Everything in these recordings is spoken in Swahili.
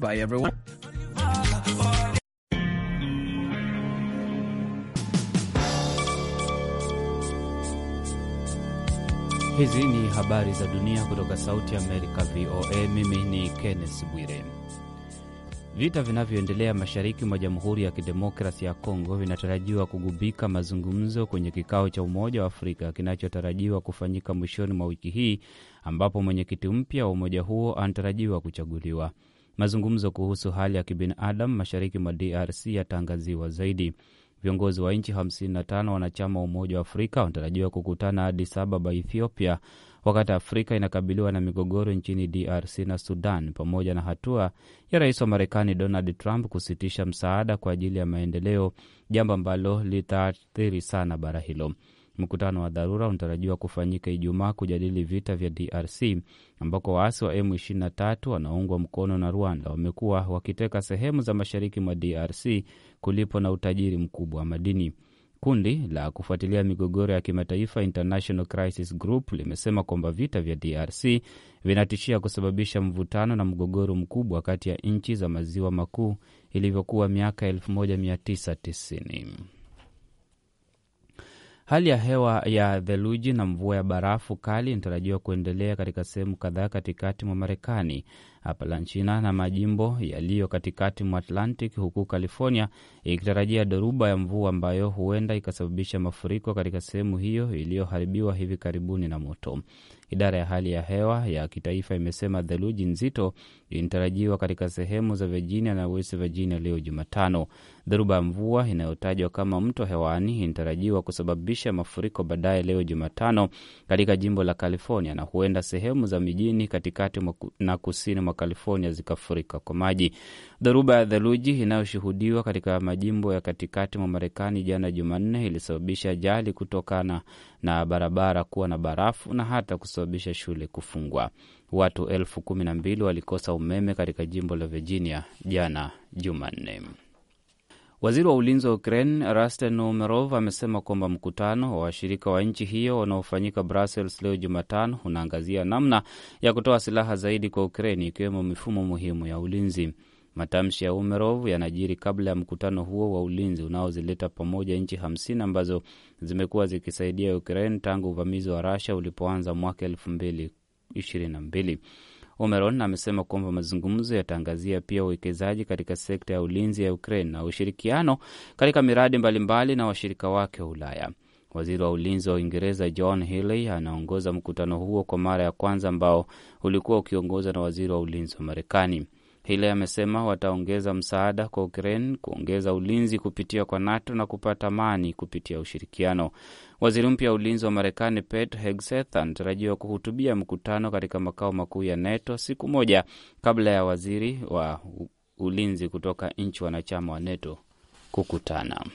Goodbye everyone. Hizi ni habari za dunia kutoka Sauti ya Amerika, VOA. Mimi ni Kenneth Bwire. Vita vinavyoendelea mashariki mwa Jamhuri ya Kidemokrasi ya Kongo vinatarajiwa kugubika mazungumzo kwenye kikao cha Umoja wa Afrika kinachotarajiwa kufanyika mwishoni mwa wiki hii, ambapo mwenyekiti mpya wa umoja huo anatarajiwa kuchaguliwa mazungumzo kuhusu hali ya kibinadamu mashariki mwa DRC yataangaziwa zaidi. Viongozi wa nchi 55 wanachama wa Umoja wa Afrika wanatarajiwa kukutana Addis Ababa, Ethiopia, wakati Afrika inakabiliwa na migogoro nchini DRC na Sudan, pamoja na hatua ya rais wa Marekani Donald Trump kusitisha msaada kwa ajili ya maendeleo, jambo ambalo litaathiri sana bara hilo. Mkutano wa dharura unatarajiwa kufanyika Ijumaa kujadili vita vya DRC ambako waasi wa M23 wanaoungwa mkono na Rwanda wamekuwa wakiteka sehemu za mashariki mwa DRC kulipo na utajiri mkubwa wa madini. Kundi la kufuatilia migogoro ya kimataifa International Crisis Group limesema kwamba vita vya DRC vinatishia kusababisha mvutano na mgogoro mkubwa kati ya nchi za maziwa makuu ilivyokuwa miaka 1990. Hali ya hewa ya theluji na mvua ya barafu kali inatarajiwa kuendelea katika sehemu kadhaa katikati mwa Marekani, apalanchina na majimbo yaliyo katikati mwa Atlantic, huku California ikitarajia dhoruba ya mvua ambayo huenda ikasababisha mafuriko katika sehemu hiyo iliyoharibiwa hivi karibuni na moto. Idara ya hali ya hewa ya kitaifa imesema theluji nzito inatarajiwa katika sehemu za Virginia na West Virginia leo Jumatano. Dhoruba ya mvua inayotajwa kama mto hewani inatarajiwa kusababisha mafuriko baadaye leo Jumatano katika jimbo la California, na huenda sehemu za mijini katikati na kusini mwa California zikafurika kwa maji. Dhoruba ya theluji inayoshuhudiwa katika majimbo ya katikati mwa Marekani jana Jumanne ilisababisha ajali kutokana na barabara kuwa na barafu na hata kusababisha shule kufungwa. Watu elfu kumi na mbili walikosa umeme katika jimbo la Virginia jana Jumanne. Waziri wa ulinzi wa Ukraine Rasten Umerov amesema kwamba mkutano wa washirika wa nchi hiyo unaofanyika Brussels leo Jumatano unaangazia namna ya kutoa silaha zaidi kwa Ukraine, ikiwemo mifumo muhimu ya ulinzi. Matamshi ya Umerov yanajiri kabla ya mkutano huo wa ulinzi unaozileta pamoja nchi hamsini ambazo zimekuwa zikisaidia Ukraine tangu uvamizi wa Russia ulipoanza mwaka elfu mbili ishirini na mbili. Omeron amesema kwamba mazungumzo yataangazia pia uwekezaji katika sekta ya ulinzi ya Ukraine na ushirikiano katika miradi mbalimbali na washirika wake wa Ulaya. Waziri wa ulinzi wa Uingereza John Healey anaongoza mkutano huo kwa mara ya kwanza ambao ulikuwa ukiongozwa na waziri wa ulinzi wa Marekani. Hile amesema wataongeza msaada kwa Ukraine, kuongeza ulinzi kupitia kwa NATO na kupata amani kupitia ushirikiano. Waziri mpya wa ulinzi wa Marekani Pete Hegseth anatarajiwa kuhutubia mkutano katika makao makuu ya NATO siku moja kabla ya waziri wa ulinzi kutoka nchi wanachama wa NATO kukutana.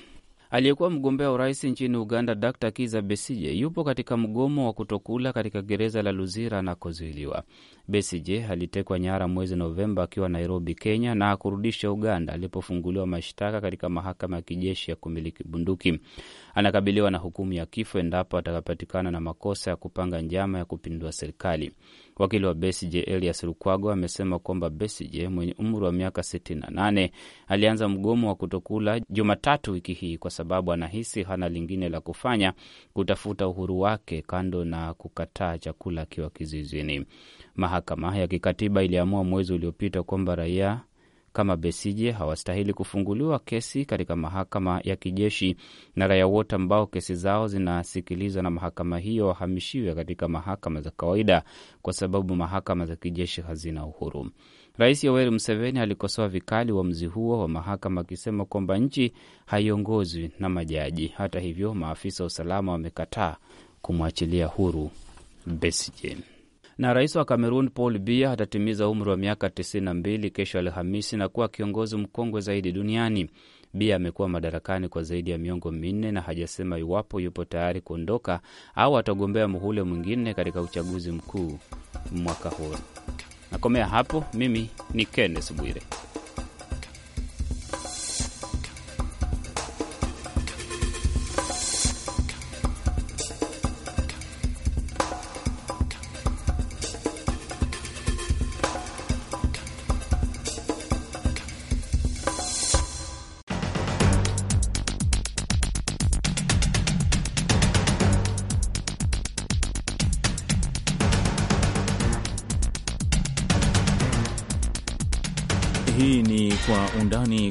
Aliyekuwa mgombea urais nchini Uganda, Dr Kiza Besije yupo katika mgomo wa kutokula katika gereza la Luzira anakozuiliwa. Besije alitekwa nyara mwezi Novemba akiwa Nairobi, Kenya, na akurudisha Uganda alipofunguliwa mashtaka katika mahakama ya kijeshi ya kumiliki bunduki. Anakabiliwa na hukumu ya kifo endapo atakapatikana na makosa ya kupanga njama ya kupindua serikali. Wakili wa besije Elias Lukwago amesema kwamba besije mwenye umri wa miaka 68 alianza mgomo wa kutokula Jumatatu wiki hii kwa sababu anahisi hana lingine la kufanya kutafuta uhuru wake kando na kukataa chakula akiwa kizuizini. Mahakama ya kikatiba iliamua mwezi uliopita kwamba raia kama Besije hawastahili kufunguliwa kesi katika mahakama ya kijeshi na raia wote ambao kesi zao zinasikilizwa na mahakama hiyo wahamishiwe katika mahakama za kawaida kwa sababu mahakama za kijeshi hazina uhuru. Rais Yoweri Museveni alikosoa vikali uamuzi huo wa mahakama akisema kwamba nchi haiongozwi na majaji. Hata hivyo, maafisa wa usalama wamekataa kumwachilia huru Besigye na rais wa cameron Paul Biya atatimiza umri wa miaka 92 kesho Alhamisi na kuwa kiongozi mkongwe zaidi duniani. Biya amekuwa madarakani kwa zaidi ya miongo minne na hajasema iwapo yupo tayari kuondoka au atagombea muhule mwingine katika uchaguzi mkuu mwaka huu. Nakomea hapo. Mimi ni Kenneth Bwire.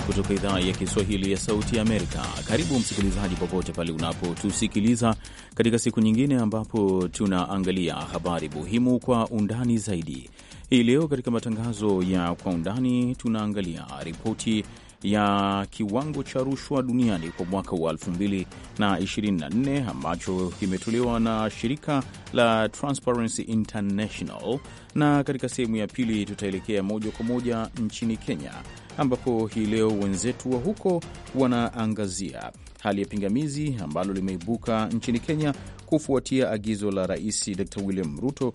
kutoka idhaa ya Kiswahili ya Sauti ya Amerika. Karibu msikilizaji, popote pale unapotusikiliza katika siku nyingine ambapo tunaangalia habari muhimu kwa undani zaidi. Hii leo katika matangazo ya Kwa Undani tunaangalia ripoti ya kiwango cha rushwa duniani kwa mwaka wa 2024 ambacho kimetolewa na shirika la Transparency International, na katika sehemu ya pili tutaelekea moja kwa moja nchini Kenya ambapo hii leo wenzetu wa huko wanaangazia hali ya pingamizi ambalo limeibuka nchini Kenya kufuatia agizo la Rais Dr William Ruto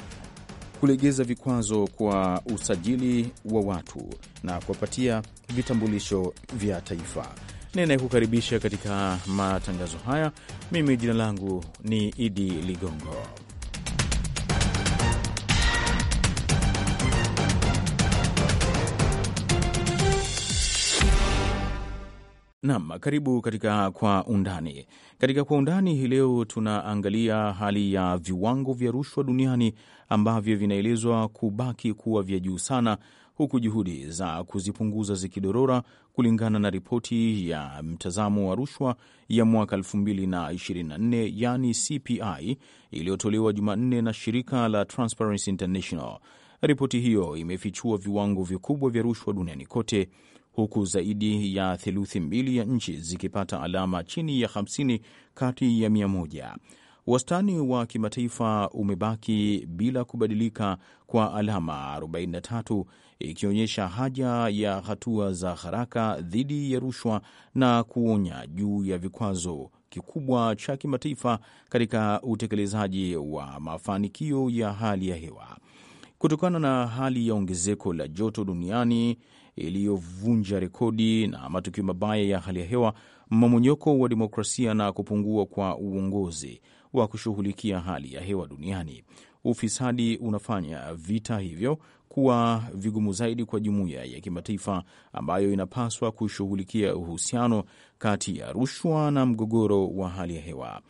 kulegeza vikwazo kwa usajili wa watu na kuwapatia vitambulisho vya taifa. Ninayekukaribisha katika matangazo haya mimi, jina langu ni Idi Ligongo. Naam, karibu katika Kwa Undani. Katika Kwa Undani hii leo tunaangalia hali ya viwango vya rushwa duniani ambavyo vinaelezwa kubaki kuwa vya juu sana, huku juhudi za kuzipunguza zikidorora, kulingana na ripoti ya mtazamo wa rushwa ya mwaka 2024 yani CPI iliyotolewa Jumanne na shirika la Transparency International. Ripoti hiyo imefichua viwango vikubwa vya rushwa duniani kote huku zaidi ya theluthi mbili ya nchi zikipata alama chini ya 50 kati ya 100. Wastani wa kimataifa umebaki bila kubadilika kwa alama 43, ikionyesha haja ya hatua za haraka dhidi ya rushwa na kuonya juu ya vikwazo kikubwa cha kimataifa katika utekelezaji wa mafanikio ya hali ya hewa. Kutokana na hali ya ongezeko la joto duniani iliyovunja rekodi na matukio mabaya ya hali ya hewa, mmomonyoko wa demokrasia na kupungua kwa uongozi wa kushughulikia hali ya hewa duniani. Ufisadi unafanya vita hivyo kuwa vigumu zaidi kwa jumuiya ya kimataifa ambayo inapaswa kushughulikia uhusiano kati ya rushwa na mgogoro wa hali ya hewa.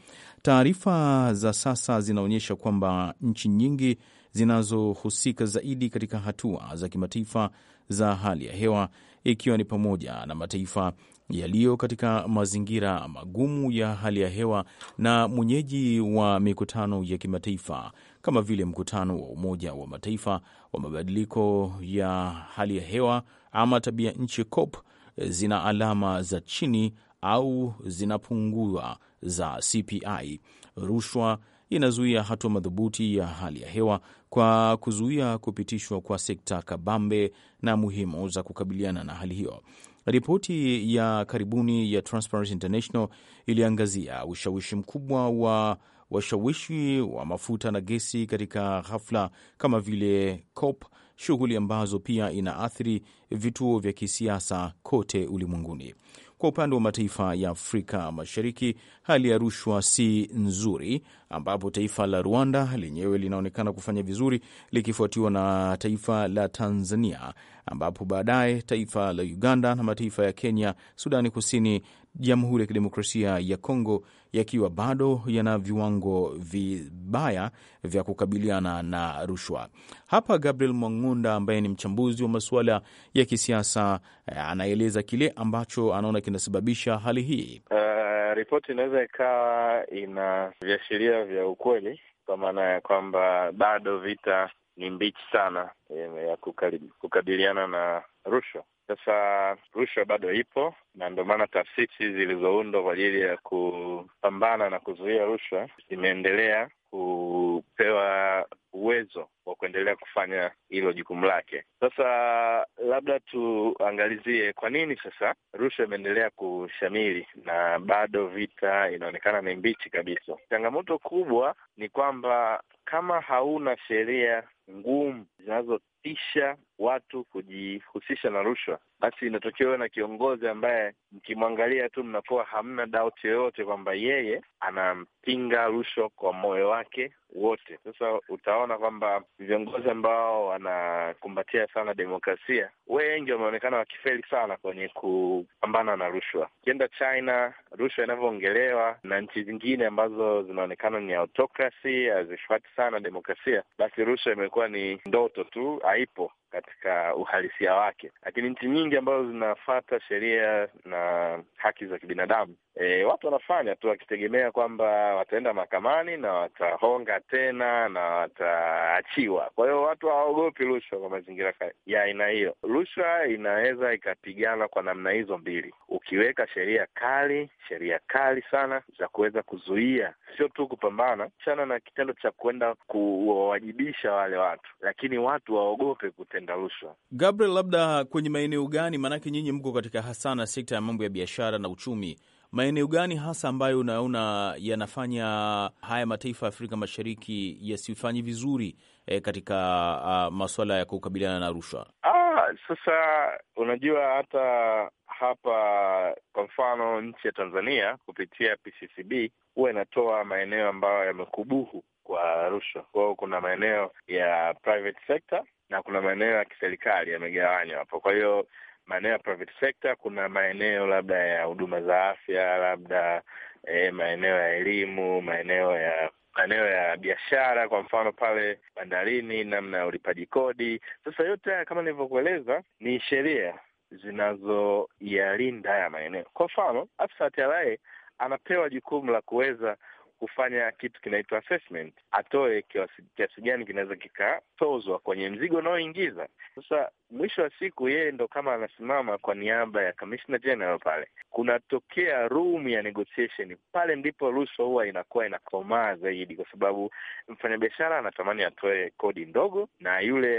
Taarifa za sasa zinaonyesha kwamba nchi nyingi zinazohusika zaidi katika hatua za kimataifa za hali ya hewa ikiwa ni pamoja na mataifa yaliyo katika mazingira magumu ya hali ya hewa na mwenyeji wa mikutano ya kimataifa kama vile mkutano wa Umoja wa Mataifa wa mabadiliko ya hali ya hewa ama tabia nchi COP zina alama za chini au zinapungua za CPI, rushwa inazuia hatua madhubuti ya hali ya hewa kwa kuzuia kupitishwa kwa sekta kabambe na muhimu za kukabiliana na hali hiyo. Ripoti ya karibuni ya Transparency International iliangazia ushawishi mkubwa wa washawishi wa mafuta na gesi katika hafla kama vile COP, shughuli ambazo pia inaathiri vituo vya kisiasa kote ulimwenguni. Kwa upande wa mataifa ya Afrika Mashariki, hali ya rushwa si nzuri, ambapo taifa la Rwanda lenyewe linaonekana kufanya vizuri likifuatiwa na taifa la Tanzania, ambapo baadaye taifa la Uganda na mataifa ya Kenya, Sudani Kusini Jamhuri ya Kidemokrasia ya Kongo yakiwa bado yana viwango vibaya vya kukabiliana na rushwa. Hapa Gabriel Mwang'unda ambaye ni mchambuzi wa masuala ya kisiasa eh, anaeleza kile ambacho anaona kinasababisha hali hii. Uh, ripoti inaweza ikawa ina viashiria vya ukweli kwa maana ya kwamba bado vita ni mbichi sana eh, ya kukabiliana na rushwa sasa rushwa bado ipo na ndio maana taasisi zilizoundwa kwa ajili ya kupambana na kuzuia rushwa zimeendelea kupewa uwezo wa kuendelea kufanya hilo jukumu lake. Sasa labda tuangalizie kwa nini sasa rushwa imeendelea kushamili na bado vita inaonekana ni mbichi kabisa. Changamoto kubwa ni kwamba kama hauna sheria ngumu zinazo kuhamasisha watu kujihusisha na rushwa, basi inatokewa na kiongozi ambaye mkimwangalia tu mnakuwa hamna doubt yoyote kwamba yeye anampinga rushwa kwa moyo wake wote. Sasa utaona kwamba viongozi ambao wanakumbatia sana demokrasia wengi wameonekana wakifeli sana kwenye kupambana na rushwa. Ukienda China, rushwa inavyoongelewa na nchi zingine ambazo zinaonekana ni autokrasi, hazifuati sana demokrasia, basi rushwa imekuwa ni ndoto tu Aí, pô, katika uhalisia wake, lakini nchi nyingi ambazo zinafata sheria na haki za kibinadamu e, watu wanafanya tu wakitegemea kwamba wataenda mahakamani na watahonga tena na wataachiwa. Kwa hiyo watu hawaogopi rushwa kwa mazingira ya aina hiyo. Rushwa inaweza ikapigana kwa namna hizo mbili, ukiweka sheria kali, sheria kali sana za kuweza kuzuia, sio tu kupambana chana na kitendo cha kuenda kuwawajibisha wale watu, lakini watu waogope kute wapenda rushwa. Gabriel, labda kwenye maeneo gani, maanake nyinyi mko katika hasana sekta ya mambo ya biashara na uchumi, maeneo gani hasa ambayo unaona yanafanya haya mataifa ya Afrika Mashariki yasifanyi vizuri eh, katika uh, masuala ya kukabiliana na rushwa? Ah, sasa unajua hata hapa kwa mfano nchi ya Tanzania kupitia PCCB huwa inatoa maeneo ambayo yamekubuhu kwa rushwa. Kwa hiyo kuna maeneo ya private sector na kuna maeneo ya kiserikali yamegawanywa hapo. Kwa hiyo maeneo ya private sector, kuna maeneo labda ya huduma za afya, labda eh, maeneo ya elimu, maeneo ya maeneo ya biashara, kwa mfano pale bandarini, namna ya ulipaji kodi. Sasa yote haya kama nilivyokueleza ni sheria zinazoyalinda haya maeneo. Kwa mfano, afisa wa TRA anapewa jukumu la kuweza kufanya kitu kinaitwa assessment, atoe kiasi gani kinaweza kikatozwa kwenye mzigo unaoingiza. Sasa mwisho wa siku, yeye ndo kama anasimama kwa niaba ya Commissioner General pale, kunatokea room ya negotiation. Pale ndipo rushwa huwa inakuwa inakomaa zaidi, kwa sababu mfanyabiashara anatamani atoe kodi ndogo, na yule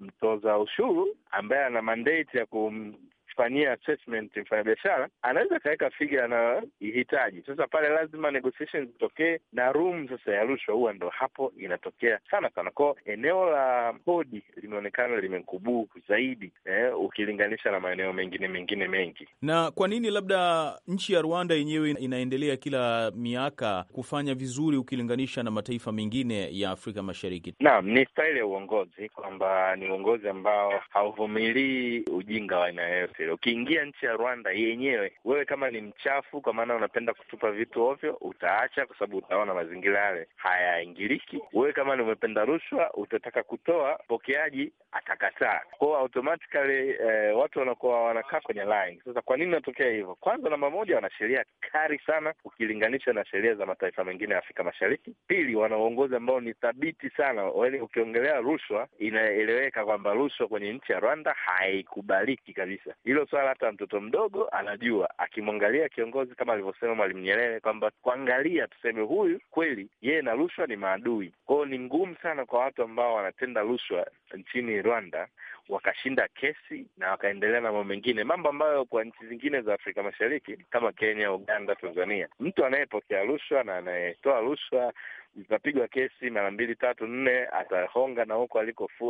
mtoza ushuru ambaye ana mandate ya kum kufanyia assessment biashara anaweza akaweka figa ihitaji Sasa pale lazima negotiations zitokee, na room sasa ya rushwa huwa ndo hapo inatokea sana sana kwao. Eneo la kodi limeonekana limekubuu zaidi eh, ukilinganisha na maeneo mengine mengine mengi. Na kwa nini labda nchi ya Rwanda yenyewe inaendelea kila miaka kufanya vizuri ukilinganisha na mataifa mengine ya Afrika Mashariki? Naam, ni staili ya uongozi kwamba ni uongozi ambao hauvumilii ujinga wa aina yoyote material. Ukiingia nchi ya Rwanda yenyewe, wewe kama ni mchafu, kwa maana unapenda kutupa vitu ovyo, utaacha kwa sababu utaona mazingira yale hayaingiliki. Wewe kama ni umependa rushwa, utataka kutoa, pokeaji atakataa kwao automatically. Eh, watu wanakuwa wanakaa kwenye line. Sasa kwa nini natokea hivyo? Kwanza namba moja, wana sheria kali sana ukilinganisha na sheria za mataifa mengine ya Afrika Mashariki. Pili, wana uongozi ambao ni thabiti sana. Yaani ukiongelea rushwa, inaeleweka kwamba rushwa kwenye nchi ya Rwanda haikubaliki kabisa hilo swala hata mtoto mdogo anajua, akimwangalia kiongozi kama alivyosema Mwalimu Nyerere kwamba kuangalia tuseme huyu kweli yeye na rushwa ni maadui. Kwao ni ngumu sana kwa watu ambao wanatenda rushwa nchini Rwanda wakashinda kesi na wakaendelea na mambo mengine, mambo ambayo kwa nchi zingine za Afrika Mashariki kama Kenya, Uganda, Tanzania, mtu anayepokea rushwa na anayetoa rushwa zitapigwa kesi mara mbili tatu nne, atahonga na huko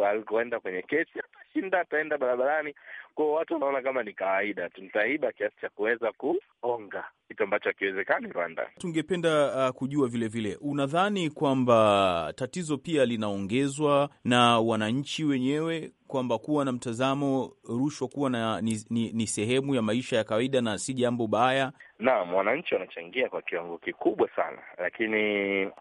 alikoenda kwenye kesi atashinda, ataenda barabarani. ko watu wanaona kama ni kawaida, tunitaiba kiasi cha kuweza kuhonga kitu ambacho hakiwezekani Rwanda. Tungependa uh, kujua vilevile vile. Unadhani kwamba tatizo pia linaongezwa na wananchi wenyewe kwamba kuwa na mtazamo rushwa kuwa na ni, ni, ni sehemu ya maisha ya kawaida na si jambo baya. Naam, wananchi wanachangia kwa kiwango kikubwa sana, lakini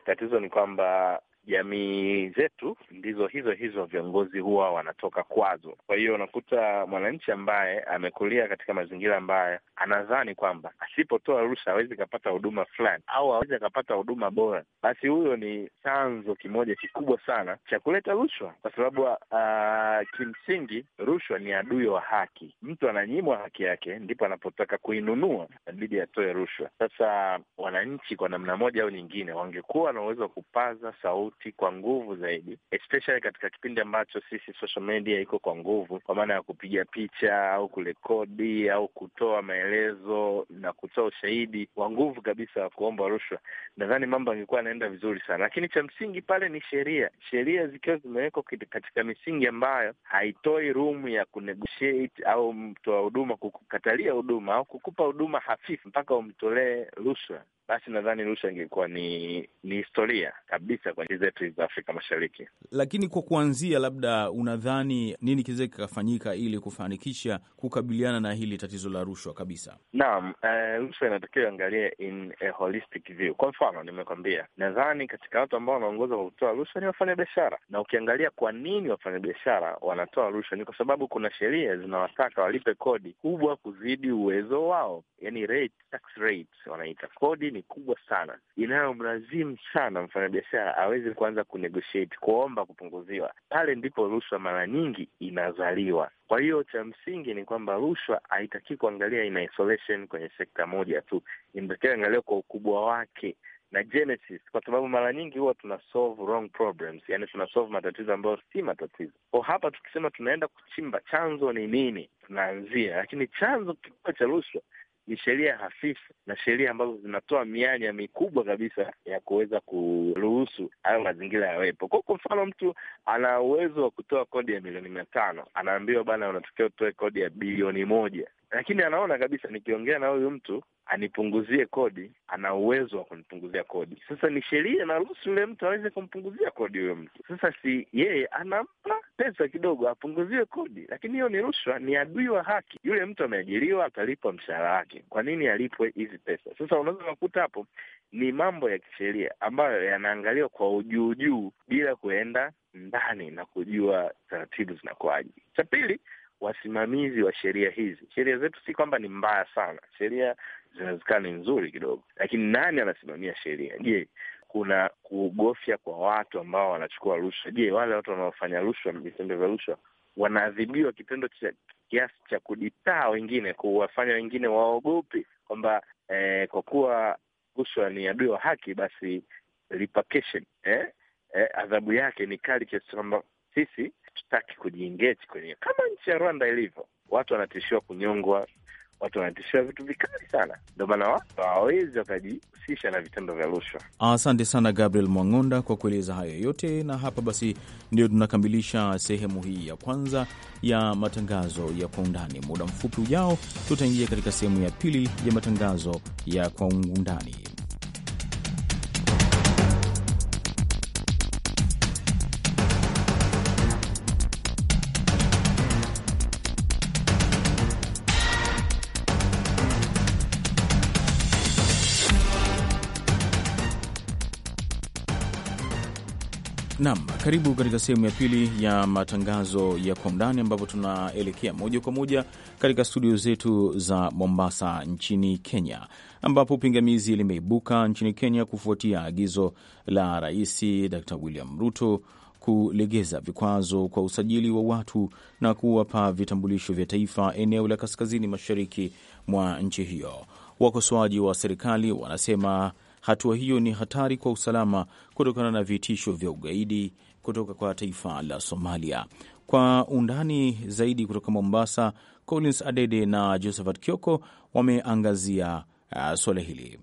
tatizo ni kwamba jamii zetu ndizo hizo hizo viongozi huwa wanatoka kwazo. Kwa hiyo unakuta mwananchi ambaye amekulia katika mazingira ambayo anadhani kwamba asipotoa rushwa awezi kapata huduma fulani au awezi akapata huduma bora, basi huyo ni chanzo kimoja kikubwa sana cha kuleta rushwa, kwa sababu uh, kimsingi rushwa ni adui wa haki. Mtu ananyimwa haki yake, ndipo anapotaka kuinunua, inabidi atoe rushwa. Sasa wananchi kwa namna moja au nyingine wangekuwa na uwezo wa kupaza sauti sauti kwa nguvu zaidi, especially katika kipindi ambacho sisi social media iko kwa nguvu, kwa maana ya kupiga picha au kurekodi au kutoa maelezo na kutoa ushahidi wa nguvu kabisa wa kuomba rushwa, nadhani mambo angekuwa anaenda vizuri sana. Lakini cha msingi pale ni sheria, sheria zikiwa zimewekwa katika misingi ambayo haitoi rumu ya kunegotiate au mtoa huduma kukatalia huduma au kukupa huduma hafifu mpaka umtolee rushwa, basi nadhani rusha ingekuwa ni ni historia kabisa kwa nchi zetu za Afrika Mashariki. Lakini kwa kuanzia, labda unadhani nini kiweze kikafanyika ili kufanikisha kukabiliana na hili tatizo la rushwa kabisa? Naam, eh, rushwa uh, inatakiwa iangalie in a holistic view. Kwa mfano, nimekwambia nadhani katika watu ambao wanaongoza kwa kutoa rushwa ni wafanyabiashara, na ukiangalia kwa nini wafanyabiashara wanatoa rushwa ni kwa sababu kuna sheria zinawataka walipe kodi kubwa kuzidi uwezo wao, yani rate, tax rate wanaita kodi ni kubwa sana inayomlazimu sana mfanyabiashara aweze kuanza kunegotiate, kuomba kupunguziwa. Pale ndipo rushwa mara nyingi inazaliwa. Kwa hiyo cha msingi ni kwamba rushwa haitakii kuangalia ina isolation kwenye sekta moja tu, inatakiwa angalia kwa ukubwa wake na genesis, kwa sababu mara nyingi huwa tuna solve wrong problems, yani tuna solve matatizo ambayo si matatizo. ko hapa tukisema tunaenda kuchimba chanzo ni nini, tunaanzia, lakini chanzo kikubwa cha rushwa ni sheria hafifu na sheria ambazo zinatoa mianya mikubwa kabisa ya kuweza kuruhusu hayo mazingira yawepo. Kwa mfano, mtu ana uwezo wa kutoa kodi ya milioni mia tano, anaambiwa bana, unatakiwa utoe kodi ya bilioni moja, lakini anaona kabisa nikiongea na huyu mtu anipunguzie kodi, ana uwezo wa kunipunguzia kodi. Sasa ni sheria inaruhusu yule mtu aweze kumpunguzia kodi huyo mtu. Sasa si yeye anampa pesa kidogo apunguziwe kodi, lakini hiyo ni rushwa, ni adui wa haki. Yule mtu ameajiriwa akalipwa mshahara wake, kwa nini alipwe hizi pesa? Sasa unaweza ukakuta hapo ni mambo ya kisheria ambayo yanaangaliwa kwa ujuujuu bila kuenda ndani na kujua taratibu zinakuwaje. Cha pili, wasimamizi wa sheria hizi. Sheria zetu si kwamba ni mbaya sana, sheria zinawezekana ni nzuri kidogo, lakini nani anasimamia sheria? Je, kuna kugofya kwa watu ambao wanachukua rushwa? Je, wale watu wanaofanya rushwa, vitendo vya rushwa wanaadhibiwa kitendo cha kiasi cha kuditaa wengine, kuwafanya wengine waogope kwamba eh, kwa kuwa rushwa ni adui wa haki, basi repercussion, eh, eh, adhabu yake ni kali kiasi kwamba sisi tutaki kujiingeti kwenye, kama nchi ya Rwanda ilivyo, watu wanatishiwa kunyongwa, watu wanatishiwa vitu vikali sana, ndio maana watu hawawezi wakajihusisha na vitendo vya rushwa. Asante sana Gabriel Mwang'onda kwa kueleza hayo yote, na hapa basi ndio tunakamilisha sehemu hii ya kwanza ya matangazo ya kwa undani. Muda mfupi ujao, tutaingia katika sehemu ya pili ya matangazo ya kwa undani. Nam, karibu katika sehemu ya pili ya matangazo ya kwa undani, ambapo tunaelekea moja kwa moja katika studio zetu za Mombasa nchini Kenya, ambapo pingamizi limeibuka nchini Kenya kufuatia agizo la Rais Dr William Ruto kulegeza vikwazo kwa usajili wa watu na kuwapa vitambulisho vya taifa eneo la kaskazini mashariki mwa nchi hiyo. Wakosoaji wa serikali wanasema Hatua hiyo ni hatari kwa usalama kutokana na vitisho vya ugaidi kutoka kwa taifa la Somalia. Kwa undani zaidi kutoka Mombasa, Collins Adede na Josephat Kioko wameangazia uh, suala hili.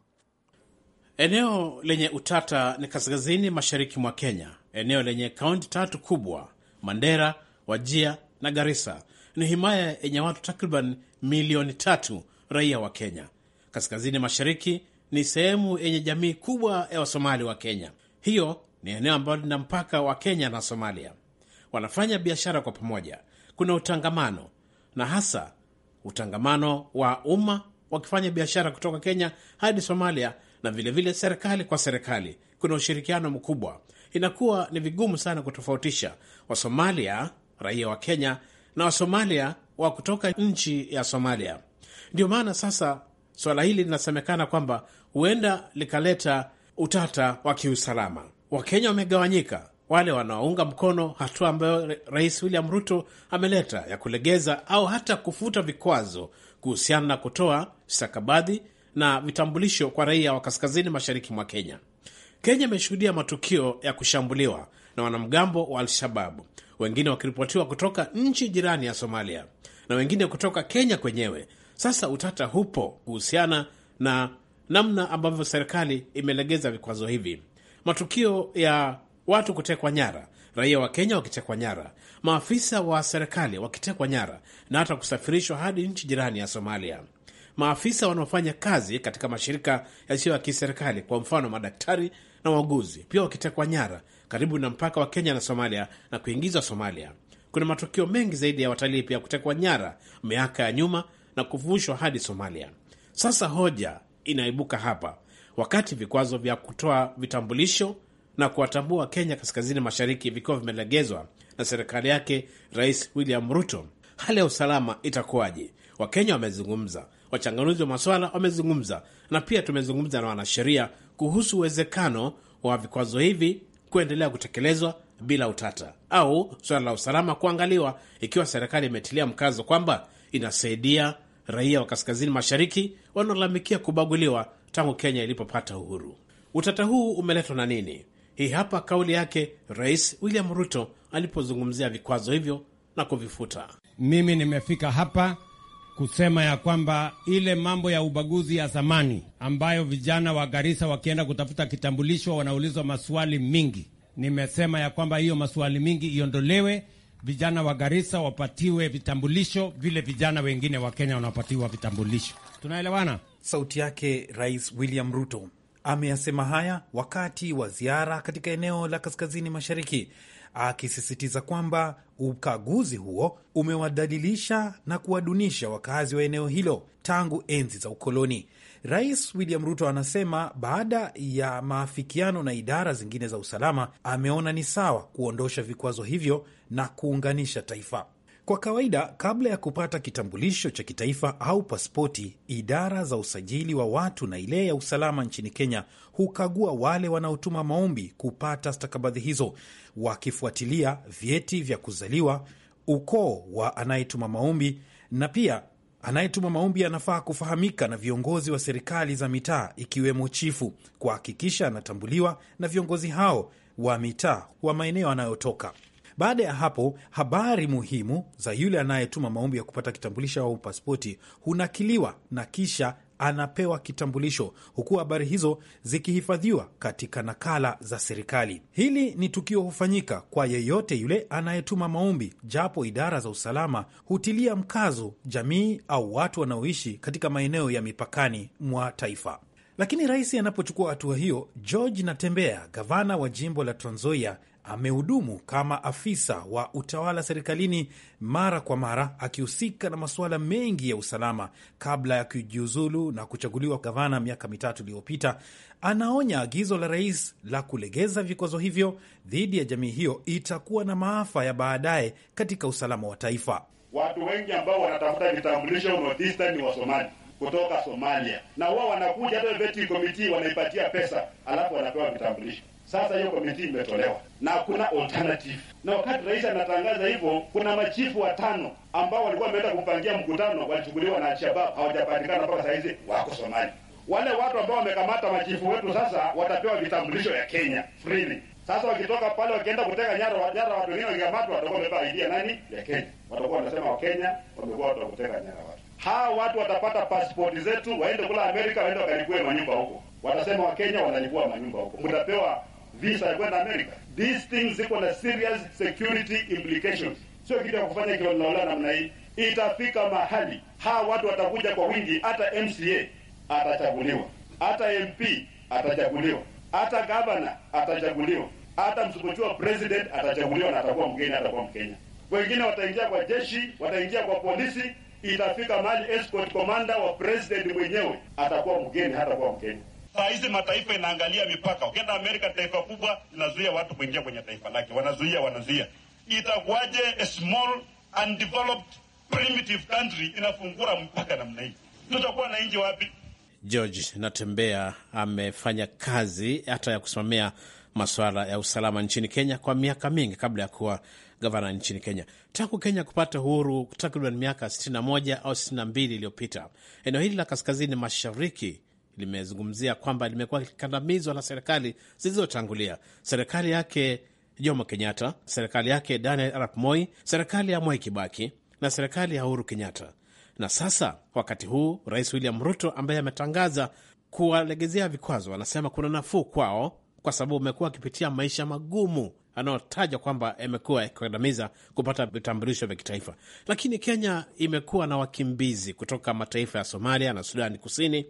Eneo lenye utata ni kaskazini mashariki mwa Kenya, eneo lenye kaunti tatu kubwa, Mandera, Wajia na Garissa. Ni himaya yenye watu takriban milioni tatu raia wa Kenya. Kaskazini mashariki ni sehemu yenye jamii kubwa ya Wasomali wa Kenya. Hiyo ni eneo ambalo lina mpaka wa Kenya na Somalia. Wanafanya biashara kwa pamoja, kuna utangamano na hasa utangamano wa umma, wakifanya biashara kutoka Kenya hadi Somalia na vilevile serikali kwa serikali, kuna ushirikiano mkubwa. Inakuwa ni vigumu sana kutofautisha Wasomalia raia wa Kenya na Wasomalia wa kutoka nchi ya Somalia. Ndio maana sasa Swala hili linasemekana kwamba huenda likaleta utata wa kiusalama. Wakenya wamegawanyika, wale wanaounga mkono hatua ambayo Rais William Ruto ameleta ya kulegeza au hata kufuta vikwazo kuhusiana na kutoa stakabadhi na vitambulisho kwa raia wa kaskazini mashariki mwa Kenya. Kenya imeshuhudia matukio ya kushambuliwa na wanamgambo wa Al-Shababu, wengine wakiripotiwa kutoka nchi jirani ya Somalia na wengine kutoka Kenya kwenyewe, sasa utata hupo kuhusiana na namna ambavyo serikali imelegeza vikwazo hivi. Matukio ya watu kutekwa nyara, raia wa Kenya wakitekwa nyara, maafisa wa serikali wakitekwa nyara na hata kusafirishwa hadi nchi jirani ya Somalia, maafisa wanaofanya kazi katika mashirika yasiyo ya kiserikali, kwa mfano madaktari na wauguzi, pia wakitekwa nyara karibu na mpaka wa Kenya na Somalia na kuingizwa Somalia. Kuna matukio mengi zaidi ya watalii pia kutekwa nyara miaka ya nyuma na kuvushwa hadi Somalia. Sasa hoja inaibuka hapa, wakati vikwazo vya kutoa vitambulisho na kuwatambua Kenya kaskazini mashariki vikiwa vimelegezwa na serikali yake Rais William Ruto, hali ya usalama itakuwaje? Wakenya wamezungumza, wachanganuzi wa maswala wamezungumza, na pia tumezungumza na wanasheria kuhusu uwezekano wa vikwazo hivi kuendelea kutekelezwa bila utata, au suala la usalama kuangaliwa, ikiwa serikali imetilia mkazo kwamba inasaidia raia wa kaskazini mashariki wanaolalamikia kubaguliwa tangu Kenya ilipopata uhuru. Utata huu umeletwa na nini? Hii hapa kauli yake Rais William Ruto alipozungumzia vikwazo hivyo na kuvifuta. Mimi nimefika hapa kusema ya kwamba ile mambo ya ubaguzi ya zamani ambayo vijana wa Garissa wakienda kutafuta kitambulisho wanaulizwa maswali mingi, nimesema ya kwamba hiyo maswali mingi iondolewe vijana wa Garissa wapatiwe vitambulisho vile vijana wengine wa Kenya wanapatiwa vitambulisho. Tunaelewana? Sauti yake Rais William Ruto ameyasema haya wakati wa ziara katika eneo la kaskazini mashariki, akisisitiza kwamba ukaguzi huo umewadhalilisha na kuwadunisha wakazi wa eneo hilo tangu enzi za ukoloni. Rais William Ruto anasema baada ya maafikiano na idara zingine za usalama, ameona ni sawa kuondosha vikwazo hivyo na kuunganisha taifa. Kwa kawaida, kabla ya kupata kitambulisho cha kitaifa au paspoti idara za usajili wa watu na ile ya usalama nchini Kenya hukagua wale wanaotuma maombi kupata stakabadhi hizo, wakifuatilia vyeti vya kuzaliwa, ukoo wa anayetuma maombi na pia Anayetuma maombi anafaa kufahamika na viongozi wa serikali za mitaa ikiwemo chifu, kuhakikisha anatambuliwa na viongozi hao wa mitaa wa maeneo anayotoka. Baada ya hapo, habari muhimu za yule anayetuma maombi ya kupata kitambulisho au pasipoti hunakiliwa na kisha anapewa kitambulisho, huku habari hizo zikihifadhiwa katika nakala za serikali. Hili ni tukio hufanyika kwa yeyote yule anayetuma maombi, japo idara za usalama hutilia mkazo jamii au watu wanaoishi katika maeneo ya mipakani mwa taifa. Lakini rais anapochukua hatua hiyo, George Natembea, gavana wa jimbo la Trans amehudumu kama afisa wa utawala serikalini mara kwa mara akihusika na masuala mengi ya usalama kabla ya kujiuzulu na kuchaguliwa gavana miaka mitatu iliyopita. Anaonya agizo la rais la kulegeza vikwazo hivyo dhidi ya jamii hiyo itakuwa na maafa ya baadaye katika usalama wa taifa. Watu wengi ambao wanatafuta vitambulisho ni Wasomali kutoka Somalia, na wao wanakuja hata beti wanaipatia pesa, alafu wanapewa vitambulisho sasa hiyo komiti imetolewa na hakuna alternative. Na wakati rais anatangaza hivyo, kuna machifu watano ambao walikuwa wameenda kumpangia mkutano, walichukuliwa na Alshabab, hawajapatikana mpaka saa hizi, wako Somali. Wale watu ambao wamekamata machifu wetu sasa watapewa vitambulisho ya Kenya freely. Sasa wakitoka pale wakienda kuteka nyara nyara watu wengine wakikamatwa watakuwa wamepewa idia nani ya Kenya. Watakuwa wanasema Wakenya wamekuwa watu wa kuteka nyara watu. Hawa watu watapata pasipoti zetu waende kula Amerika waende wakalikue manyumba huko. Watasema Wakenya wananyikua manyumba huko. Mtapewa visa ya kwenda Amerika. These things ziko na serious security implications, sio kitu ya kufanya kiolaola namna hii. Itafika mahali hawa watu watakuja kwa wingi, hata MCA atachaguliwa, hata MP atachaguliwa, hata gavana atachaguliwa, hata msukuchua president atachaguliwa, na atakuwa mgeni, atakuwa Mkenya. Wengine wataingia kwa jeshi, wataingia kwa polisi. Itafika mahali escort commander wa president mwenyewe atakuwa mgeni, hatakuwa Mkenya. Saa hizi mataifa inaangalia mipaka. Ukienda Amerika, taifa kubwa inazuia watu kuingia kwenye taifa lake, wanazuia wanazuia. Itakuwaje a small undeveloped primitive country inafungura mpaka namna hii? Tutakuwa na nchi wapi? George Natembea amefanya kazi hata ya kusimamia masuala ya usalama nchini Kenya kwa miaka mingi kabla ya kuwa gavana nchini Kenya. Tangu Kenya kupata uhuru takriban miaka 61 au 62 iliyopita, eneo hili la kaskazini mashariki limezungumzia kwamba limekuwa likikandamizwa na serikali zilizotangulia, serikali yake Jomo Kenyatta, serikali yake Daniel Arap Moi, serikali ya Mwai Kibaki na serikali ya Uhuru Kenyatta. Na sasa wakati huu Rais William Ruto ambaye ametangaza kuwalegezea vikwazo, anasema kuna nafuu kwao kwa sababu amekuwa akipitia maisha magumu anayotaja kwamba yamekuwa yakikandamiza kupata vitambulisho vya kitaifa. Lakini Kenya imekuwa na wakimbizi kutoka mataifa ya Somalia na Sudani Kusini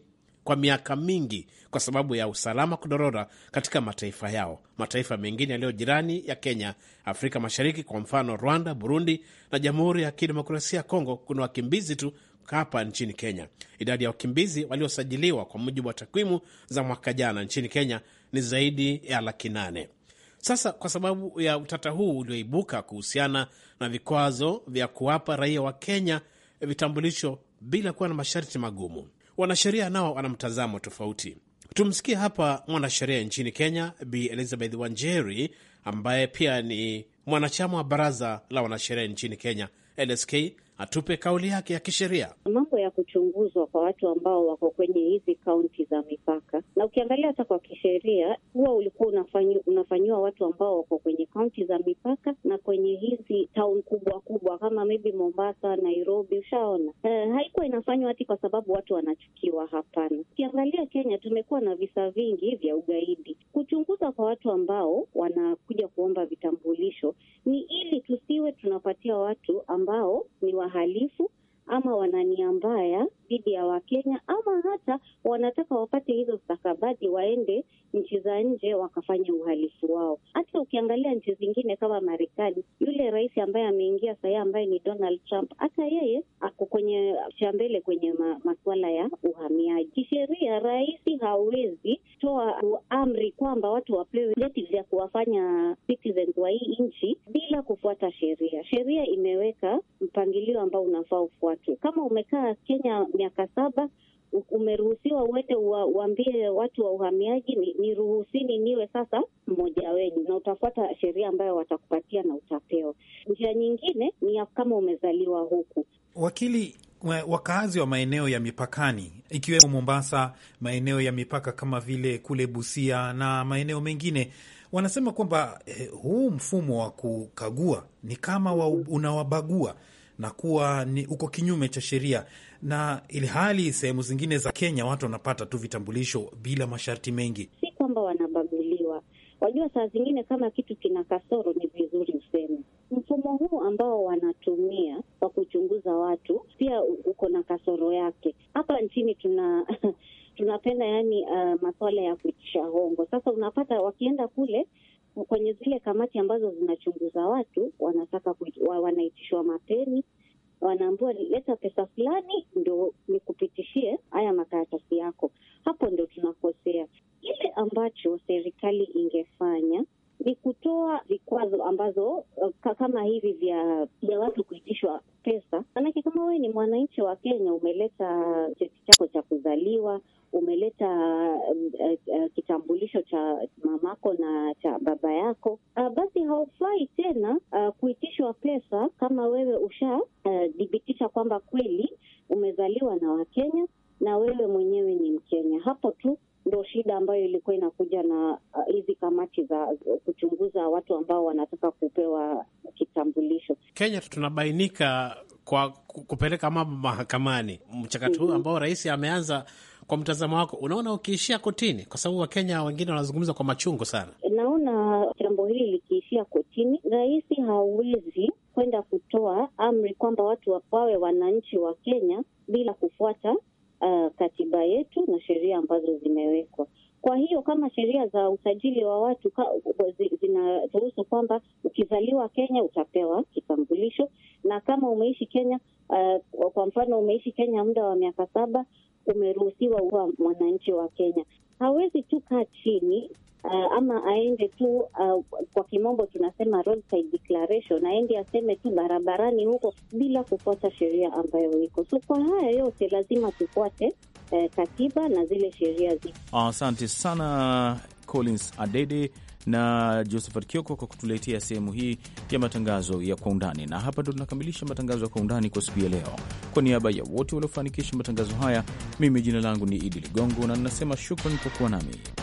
kwa miaka mingi kwa sababu ya usalama kudorora katika mataifa yao. Mataifa mengine yaliyo jirani ya Kenya, Afrika Mashariki, kwa mfano Rwanda, Burundi na Jamhuri ya Kidemokrasia ya Kongo, kuna wakimbizi tu hapa nchini Kenya. Idadi ya wakimbizi waliosajiliwa kwa mujibu wa takwimu za mwaka jana nchini Kenya ni zaidi ya laki nane. Sasa kwa sababu ya utata huu ulioibuka kuhusiana na vikwazo vya kuwapa raia wa Kenya vitambulisho bila kuwa na masharti magumu, wanasheria nao wana mtazamo tofauti. Tumsikie hapa mwanasheria nchini Kenya Bi Elizabeth Wanjeri ambaye pia ni mwanachama wa baraza la wanasheria nchini Kenya LSK atupe kauli yake ya kisheria. Mambo ya kuchunguzwa kwa watu ambao wako kwenye hizi kaunti za mipaka, na ukiangalia hata kwa kisheria huwa ulikuwa unafanyi, unafanyiwa watu ambao wako kwenye kaunti za mipaka na kwenye hizi town kubwa kubwa kama maybe Mombasa, Nairobi, ushaona Uh, haikuwa inafanywa hati kwa sababu watu wanachukiwa. Hapana, ukiangalia Kenya tumekuwa na visa vingi vya ugaidi. Kuchunguza kwa watu ambao wanakuja kuomba vitambulisho ni ili tusiwe tunapatia watu ambao ni wa wahalifu ama wanania mbaya dhidi ya Wakenya ama hata wanataka wapate hizo stakabadhi waende nchi za nje wakafanya uhalifu wao. Hata ukiangalia nchi zingine kama Marekani, yule rais ambaye ameingia sahii ambaye ni Donald Trump, hata yeye ako kwenye cha mbele kwenye ma, masuala ya uhamiaji. Kisheria, rais hawezi walitoa amri kwamba watu wapewe vyeti vya kuwafanya citizens wa hii nchi bila kufuata sheria. Sheria imeweka mpangilio ambao unafaa ufuatwe. Kama umekaa Kenya miaka saba umeruhusiwa uende uwaambie watu wa uhamiaji, ni, ni ruhusini niwe sasa mmoja wenyu, na utafuata sheria ambayo watakupatia na utapewa. Njia nyingine ni ya kama umezaliwa huku. Wakili, wakaazi wa maeneo ya mipakani ikiwemo Mombasa, maeneo ya mipaka kama vile kule Busia na maeneo mengine, wanasema kwamba eh, huu mfumo wa kukagua ni kama wa, unawabagua na kuwa ni uko kinyume cha sheria, na ilhali sehemu zingine za Kenya watu wanapata tu vitambulisho bila masharti mengi. Si kwamba wanabaguliwa, wajua, saa zingine kama kitu kina kasoro ni vizuri useme. Mfumo huu ambao wanatumia kwa kuchunguza watu pia uko na kasoro yake. Hapa nchini tuna tunapenda yani, uh, masuala ya kuitisha hongo. Sasa unapata wakienda kule kwenye zile kamati ambazo zinachunguza watu, wanataka wanaitishwa mapeni, wanaambiwa leta pesa fulani ndo nikupitishie haya makaratasi yako. Hapo ndo tunakosea. Kile ambacho serikali ingefanya ni kutoa vikwazo ambazo eh, kama hivi vya vya watu kuitishwa pesa. Manake kama wewe ni mwananchi wa Kenya, umeleta cheti chako cha kuzaliwa, umeleta uh, uh, kitambulisho cha mamako na cha baba yako uh, basi haufai tena uh, kuitishwa pesa kama wewe ushadhibitisha uh, kwamba kweli umezaliwa na Wakenya na wewe mwenyewe ni Mkenya. Hapo tu ndo shida ambayo ilikuwa inakuja na uh, hizi uh, kamati za kuchunguza watu ambao wanataka kupewa kitambulisho. Kenya tunabainika kwa kupeleka mambo mahakamani. Mchakato huu mhm. ambao rais ameanza, kwa mtazamo wako, unaona ukiishia kotini? Kwa sababu Wakenya wengine wanazungumza kwa machungu sana. Naona jambo hili likiishia kotini, rais hawezi kwenda kutoa amri kwamba watu wapawe wananchi wa Kenya bila kufuata uh, katiba yetu na sheria ambazo zimewekwa. Kwa hiyo kama sheria za usajili wa watu zinaruhusu kwamba ukizaliwa Kenya utapewa kitambulisho, na kama umeishi Kenya uh, kwa mfano umeishi Kenya muda wa miaka saba, umeruhusiwa uwa mwananchi wa Kenya. Hawezi tu kaa chini uh, ama aende tu uh, kwa kimombo tunasema roadside declaration, aende aseme tu barabarani huko bila kufuata sheria ambayo iko. So kwa haya yote lazima tufuate uh, katiba na zile sheria ziko. Asante sana Collins Adede na Josephat Kioko kwa kutuletea sehemu hii ya matangazo ya kwa undani. Na hapa ndo tunakamilisha matangazo ya kwa undani kwa siku ya leo. Kwa niaba ya wote waliofanikisha matangazo haya, mimi jina langu ni Idi Ligongo na ninasema shukran kwa kuwa nami.